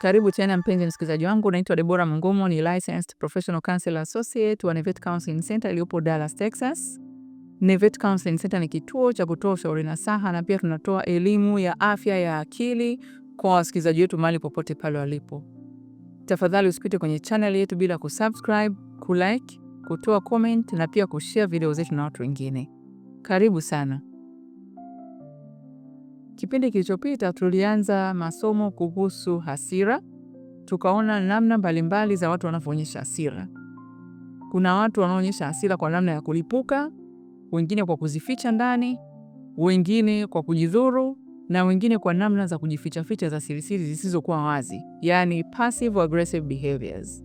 Karibu tena mpenzi msikilizaji wangu, naitwa Debora Mungumo, ni licensed professional counselor associate wa Nevet Counseling Center iliyopo Dallas, Texas. Nevet Counseling Center ni kituo cha kutoa ushauri saha na pia tunatoa elimu ya afya ya akili kwa wasikilizaji wetu mahali popote pale walipo. Tafadhali usipite kwenye channel yetu bila kusubscribe, kulike, kutoa comment na pia kushare video zetu na watu wengine. Karibu sana. Kipindi kilichopita tulianza masomo kuhusu hasira, tukaona namna mbalimbali za watu wanavyoonyesha hasira. Kuna watu wanaonyesha hasira kwa namna ya kulipuka, wengine kwa kuzificha ndani, wengine kwa kujidhuru, na wengine kwa namna za kujificha ficha za sirisiri zisizokuwa wazi, yani passive aggressive behaviors.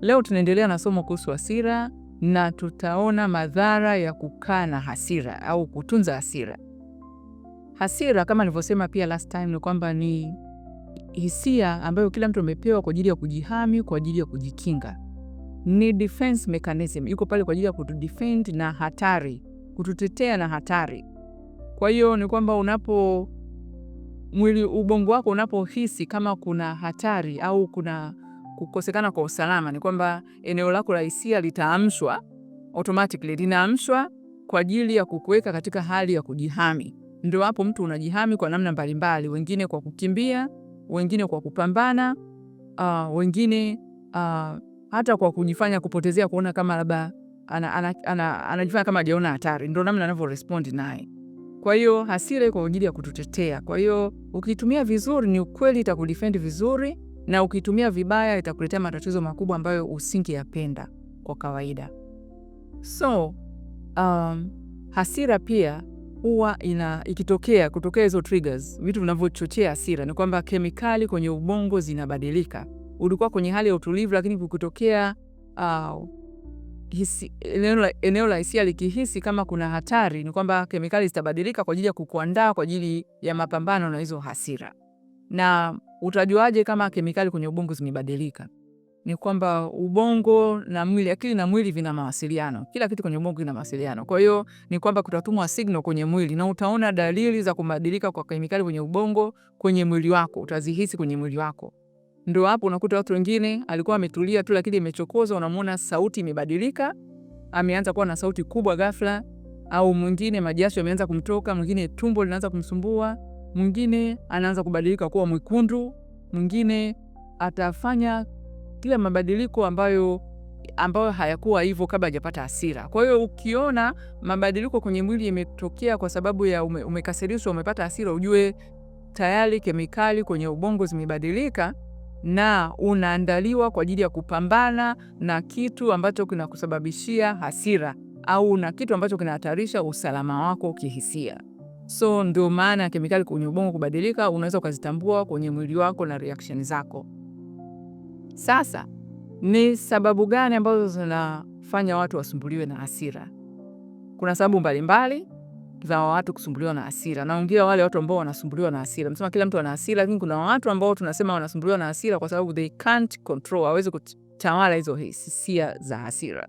Leo tunaendelea na somo kuhusu hasira na tutaona madhara ya kukaa na hasira au kutunza hasira. Hasira kama nilivyosema pia last time ni kwamba ni hisia ambayo kila mtu amepewa kwa ajili ya kujihami, kwa ajili ya kujikinga. Ni defense mechanism, iko pale kwa ajili ya kutudefend na hatari, kututetea na hatari. Kwa hiyo ni kwamba unapo mwili ubongo wako unapohisi kama kuna hatari au kuna kukosekana kwa usalama, ni kwamba eneo lako la hisia litaamshwa, automatically linaamshwa kwa ajili ya kukuweka katika hali ya kujihami. Ndio hapo mtu unajihami kwa namna mbalimbali, wengine kwa kukimbia, wengine kwa kupambana, uh, wengine uh, hata kwa kujifanya kupotezea kuona kama labda ana, ana, ana, anajifanya kama ajaona hatari, ndo namna anavyo respond naye. Kwa hiyo hasira iko kwa ajili ya kututetea. Kwa hiyo ukitumia vizuri, ni ukweli itakudefend vizuri, na ukitumia vibaya itakuletea matatizo makubwa ambayo usingeyapenda kwa kawaida. So um, hasira pia huwa ina ikitokea kutokea hizo triggers, vitu vinavyochochea hasira, ni kwamba kemikali kwenye ubongo zinabadilika. Ulikuwa kwenye hali ya utulivu, lakini kukitokea uh, eneo la hisia likihisi kama kuna hatari, ni kwamba kemikali zitabadilika kwa ajili ya kukuandaa kwa ajili ya mapambano na hizo hasira. Na utajuaje kama kemikali kwenye ubongo zimebadilika? ni kwamba ubongo na mwili, akili na mwili vina mawasiliano. Kila kitu kwenye ubongo kina mawasiliano. Kwa hiyo ni kwamba kutatumwa signal kwenye mwili, na utaona dalili za kubadilika kwa kemikali kwenye ubongo, kwenye mwili wako, utazihisi kwenye mwili wako. Ndio hapo unakuta watu wengine alikuwa ametulia tu, lakini imechokozwa, unamwona sauti imebadilika, ameanza kuwa na sauti kubwa ghafla, au mwingine majasho yameanza kumtoka, mwingine tumbo linaanza kumsumbua, mwingine anaanza kubadilika kuwa mwekundu, mwingine atafanya kila mabadiliko ambayo ambayo hayakuwa hivyo kabla hajapata hasira. Kwa hiyo ukiona mabadiliko kwenye mwili yametokea kwa sababu ya ume, umekasirishwa, umepata hasira, ujue tayari kemikali kwenye ubongo zimebadilika na unaandaliwa kwa ajili ya kupambana na kitu ambacho kinakusababishia hasira au na kitu ambacho kinahatarisha usalama wako kihisia. So ndio maana kemikali kwenye ubongo kubadilika, unaweza ukazitambua kwenye mwili wako na reaction zako. Sasa ni sababu gani ambazo zinafanya watu wasumbuliwe na hasira? Kuna sababu mbalimbali za watu kusumbuliwa na hasira. Naongea wale watu ambao wanasumbuliwa na hasira. nasema kila mtu ana hasira, lakini kuna watu ambao tunasema wanasumbuliwa na hasira kwa sababu they can't control, hawezi kutawala hizo hisia za hasira.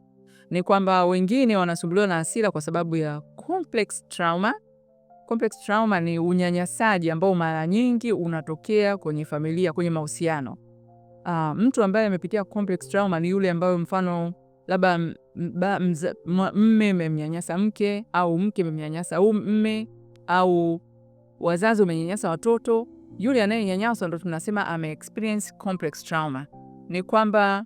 Ni kwamba wengine wanasumbuliwa na hasira kwa sababu ya complex trauma. Complex trauma ni unyanyasaji ambao mara nyingi unatokea kwenye familia, kwenye mahusiano uh, mtu ambaye amepitia complex trauma ni yule ambayo mfano labda mme memnyanyasa mke au mke memnyanyasa au mme au wazazi wamenyanyasa watoto. Yule anayenyanyaswa ndo tunasema ame experience complex trauma. Ni kwamba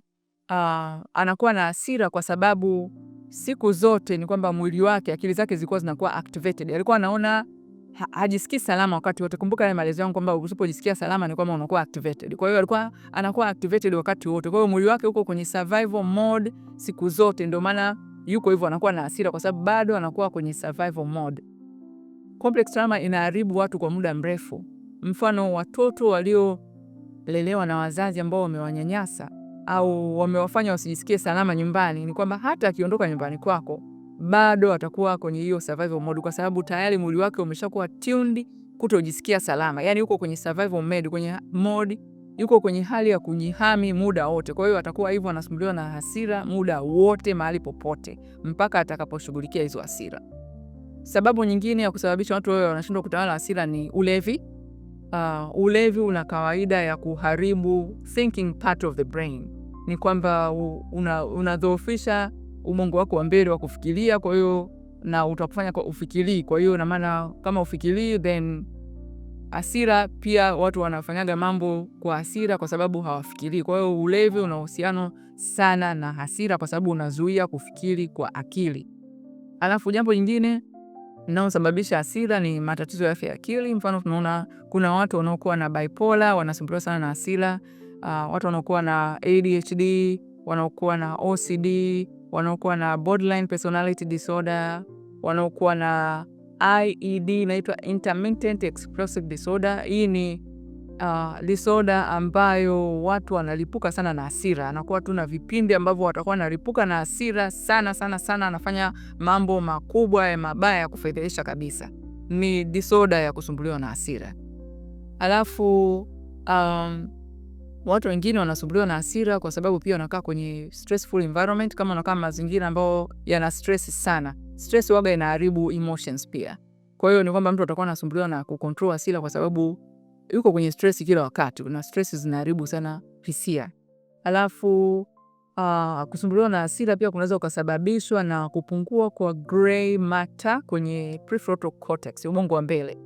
uh, anakuwa na hasira kwa sababu siku zote ni kwamba mwili wake, akili zake zilikuwa zinakuwa activated. Alikuwa anaona hajisikii salama wakati wote. Kumbuka ile maelezo yangu kwamba usipojisikia salama ni kwamba unakuwa activated. Kwa hiyo alikuwa anakuwa activated wakati wote, kwa hiyo mwili wake uko kwenye survival mode siku zote, ndio maana yuko hivyo, anakuwa na hasira kwa sababu bado anakuwa kwenye survival mode. Complex trauma inaharibu watu kwa muda mrefu. Mfano, watoto waliolelewa na wazazi ambao wamewanyanyasa au wamewafanya wasijisikie salama nyumbani, ni kwamba hata akiondoka nyumbani kwako bado atakuwa kwenye hiyo survival mode, kwa sababu tayari mwili wake umeshakuwa tuned kutojisikia salama, yani yuko kwenye survival mode, kwenye mode yuko kwenye hali ya kujihami muda wote. Kwa hiyo atakuwa hivyo, anasumbuliwa na hasira muda wote, mahali popote, mpaka atakaposhughulikia hizo hasira. Sababu nyingine ya kusababisha watu wao wanashindwa kutawala hasira ni ulevi. Uh, ulevi una kawaida ya kuharibu thinking part of the brain, ni kwamba unadhoofisha una umongo wako wa mbele wa kufikiria, kwa hiyo na utakufanya kwa ufikirii. Kwa hiyo na maana kama ufikirii, then hasira pia, watu wanafanyaga mambo kwa hasira kwa sababu hawafikirii. Kwa hiyo ulevi una uhusiano sana na hasira, kwa sababu unazuia kufikiri kwa akili. Alafu jambo jingine linalosababisha hasira ni matatizo ya afya ya akili. Mfano, tunaona kuna watu wanaokuwa na bipolar wanasumbuliwa sana na hasira. Uh, watu wanaokuwa na ADHD, wanaokuwa na OCD wanaokuwa na borderline personality disorder, wanaokuwa na IED inaitwa intermittent explosive disorder. Hii ni uh, disorder ambayo watu wanalipuka sana na hasira, anakuwa tu na vipindi ambavyo watakuwa wanalipuka na hasira sana sana sana, anafanya mambo makubwa ya mabaya ya kufedhehesha kabisa. Ni disorder ya kusumbuliwa na hasira alafu um, Watu wengine wanasumbuliwa na hasira kwa sababu pia wanakaa kwenye stressful environment, kama wanakaa mazingira ambayo yana stress sana. Stress waga inaharibu emotions pia. Kwa hiyo ni kwamba mtu atakuwa anasumbuliwa na kucontrol hasira kwa sababu yuko kwenye stress kila wakati, na stress zinaharibu sana hisia. Alafu uh, kusumbuliwa na hasira pia kunaweza ukasababishwa na kupungua kwa gray matter kwenye prefrontal cortex, ubongo wa mbele.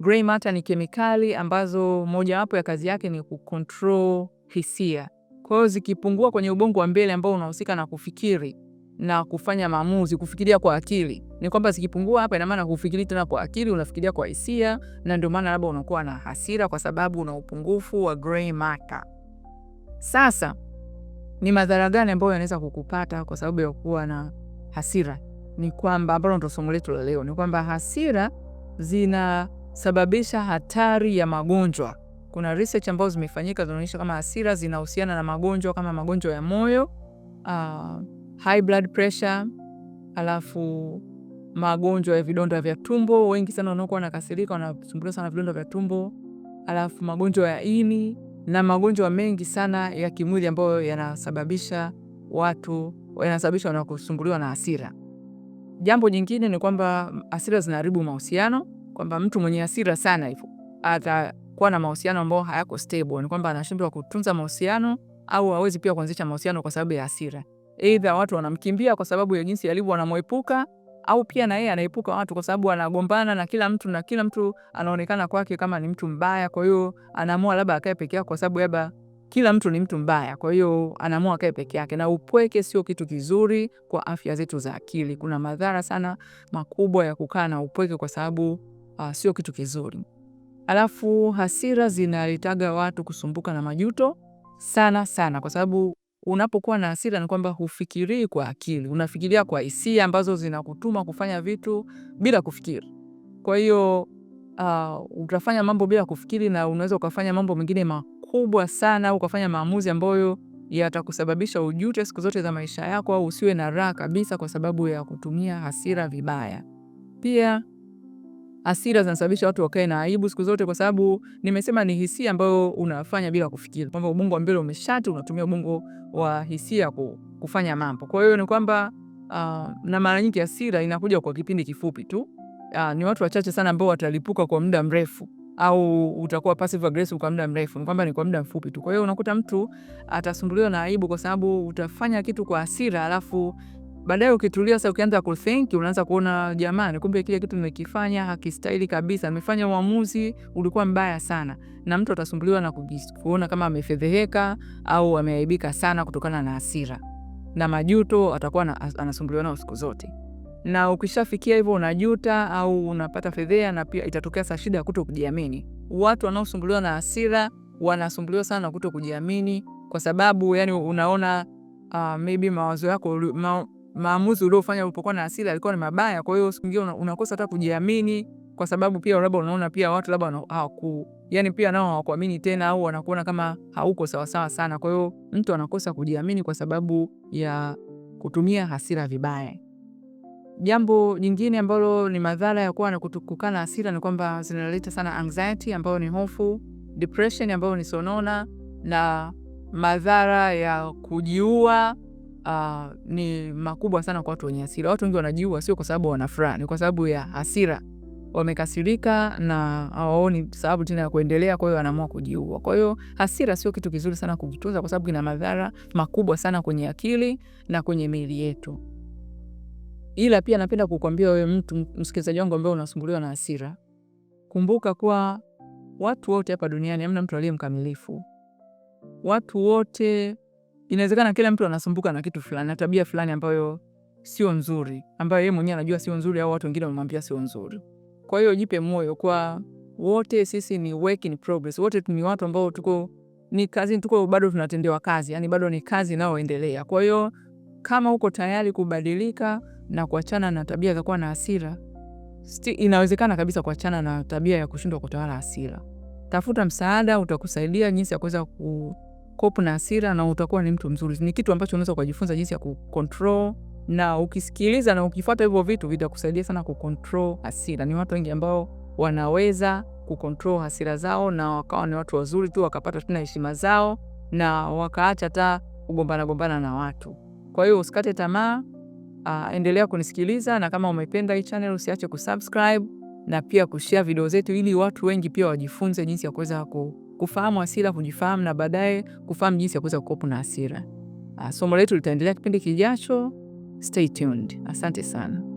Gray matter ni kemikali ambazo mojawapo ya kazi yake ni kucontrol hisia. Kwa hiyo zikipungua kwenye ubongo wa mbele ambao unahusika na kufikiri na kufanya maamuzi, kufikiria kwa akili, ni kwamba zikipungua hapa, ina maana hufikiri tena kwa akili, unafikiria kwa hisia, na ndio maana labda unakuwa na hasira kwa sababu una upungufu wa gray matter. Sasa ni madhara gani ambayo yanaweza kukupata kwa sababu ya kuwa na hasira? Ni kwamba ambalo ndio somo letu la leo, ni kwamba hasira zina sababisha hatari ya magonjwa. Kuna research ambazo zimefanyika zinaonyesha kama hasira zinahusiana na magonjwa kama magonjwa ya moyo, uh, high blood pressure, alafu magonjwa ya vidonda vya tumbo. Wengi sana wanaokuwa wanakasirika wanasumbuliwa sana vidonda vya tumbo, alafu magonjwa ya ini na magonjwa mengi sana ya kimwili ambayo yanasababisha watu yanasababisha wanakusumbuliwa na hasira. Jambo jingine ni kwamba hasira zinaharibu mahusiano kwamba mtu mwenye hasira sana hivyo atakuwa na mahusiano ambayo hayako stable, ni kwamba anashindwa kutunza mahusiano au hawezi pia kuanzisha mahusiano kwa sababu ya hasira. Aidha watu wanamkimbia kwa sababu ya jinsi alivyo, wanamwepuka au pia na yeye anaepuka watu kwa sababu anagombana na kila mtu na kila mtu anaonekana kwake kama ni mtu mbaya. Kwa hiyo anaamua labda akae peke yake kwa sababu labda kila mtu ni mtu mbaya, kwa hiyo anaamua akae peke yake. Na upweke sio kitu kizuri kwa afya zetu za akili. Kuna madhara sana makubwa ya kukaa na upweke kwa sababu uh, sio kitu kizuri. Alafu hasira zinaletaga watu kusumbuka na majuto sana sana, kwa sababu unapokuwa na hasira ni kwamba hufikirii kwa akili, unafikiria kwa hisia ambazo zinakutuma kufanya vitu bila kufikiri. Kwa hiyo uh, utafanya mambo bila kufikiri, na unaweza ukafanya mambo mengine makubwa sana au ukafanya maamuzi ambayo yatakusababisha ujute siku zote za maisha yako, au usiwe na raha kabisa, kwa sababu ya kutumia hasira vibaya. Pia hasira zinasababisha watu wakae na aibu siku zote, kwa sababu nimesema ni hisia ambayo unafanya bila kufikiri, kwamba ubongo wa mbele umeshati, unatumia ubongo wa hisia kufanya mambo. Kwa hiyo ni kwamba uh, na mara nyingi hasira inakuja kwa kipindi kifupi tu. Uh, ni watu wachache sana ambao watalipuka kwa muda mrefu au utakuwa passive aggressive kwa muda mrefu, ni kwamba ni kwa muda mfupi tu. Kwa hiyo unakuta mtu atasumbuliwa na aibu kwa sababu utafanya kitu kwa hasira alafu Baadaye ukitulia sasa, ukianza kuthinki, unaanza kuona jamani, kumbe kile kitu nimekifanya hakistahili kabisa, nimefanya uamuzi ulikuwa mbaya sana, na mtu atasumbuliwa na kuona kama amefedheheka au ameaibika sana kutokana na hasira na majuto, atakuwa anasumbuliwa nao siku zote. Na ukishafikia hivyo unajuta au unapata fedhea, na pia itatokea saa shida ya kuto kujiamini. Watu wanaosumbuliwa na hasira wanasumbuliwa sana kuto kujiamini, kwa sababu yani unaona uh, maybe mawazo yako ma, maamuzi uliofanya ulipokuwa na hasira alikuwa ni mabaya. Kwa hiyo siku nyingine unakosa hata kujiamini, kwa sababu pia labda unaona pia watu labda hawaku yani pia nao hawakuamini tena, au wanakuona kama hauko sawa sawa sana. Kwa hiyo mtu anakosa kujiamini kwa sababu ya kutumia hasira vibaya. Jambo jingine ambalo ni madhara ya kuwa na kutukukana hasira ni kwamba zinaleta sana anxiety, ambayo ni hofu, depression ambayo ni sonona, na madhara ya kujiua uh, ni makubwa sana kwa watu wenye hasira. Watu wengi wanajiua sio kwa sababu wana furaha, ni kwa sababu ya hasira. Wamekasirika na hawaoni sababu tena ya kuendelea, kwa hiyo wanaamua kujiua. Kwa hiyo hasira sio kitu kizuri sana kujitunza, kwa sababu ina madhara makubwa sana kwenye akili na kwenye miili yetu. Ila pia napenda kukwambia wewe mtu msikilizaji wangu ambaye unasumbuliwa na hasira, kumbuka kuwa watu wote hapa duniani hamna mtu aliye mkamilifu. Watu wote inawezekana kila mtu anasumbuka na kitu fulani na tabia fulani ambayo sio nzuri, ambayo yeye mwenyewe anajua sio nzuri, au watu wengine wamemwambia sio nzuri. Kwa hiyo jipe moyo, kwa wote sisi ni work in progress, wote ni watu ambao tuko ni kazi, tuko bado tunatendewa kazi, yani bado ni kazi inayoendelea. Kwa hiyo kama uko tayari kubadilika na kuachana na tabia za kuwa na hasira, inawezekana kabisa kuachana na tabia ya kushindwa kutawala hasira. Tafuta msaada, utakusaidia jinsi ya kuweza ku cope na hasira na utakuwa ni mtu mzuri. Ni kitu ambacho unaweza kujifunza jinsi ya kucontrol, na ukisikiliza na ukifuata hivyo vitu vitakusaidia sana kucontrol hasira. Ni watu wengi ambao wanaweza kucontrol hasira zao na wakawa ni watu wazuri tu, wakapata tena heshima zao na wakaacha hata kugombana gombana na watu. Kwa hiyo usikate tamaa, uh, endelea kunisikiliza na kama umependa hii channel usiache kusubscribe na pia kushare video zetu ili watu wengi pia wajifunze jinsi ya kuweza ku kufahamu hasira, kujifahamu na baadaye kufahamu jinsi ya kuweza kukopa na hasira. Ah, somo letu litaendelea kipindi kijacho. Stay tuned. Asante sana.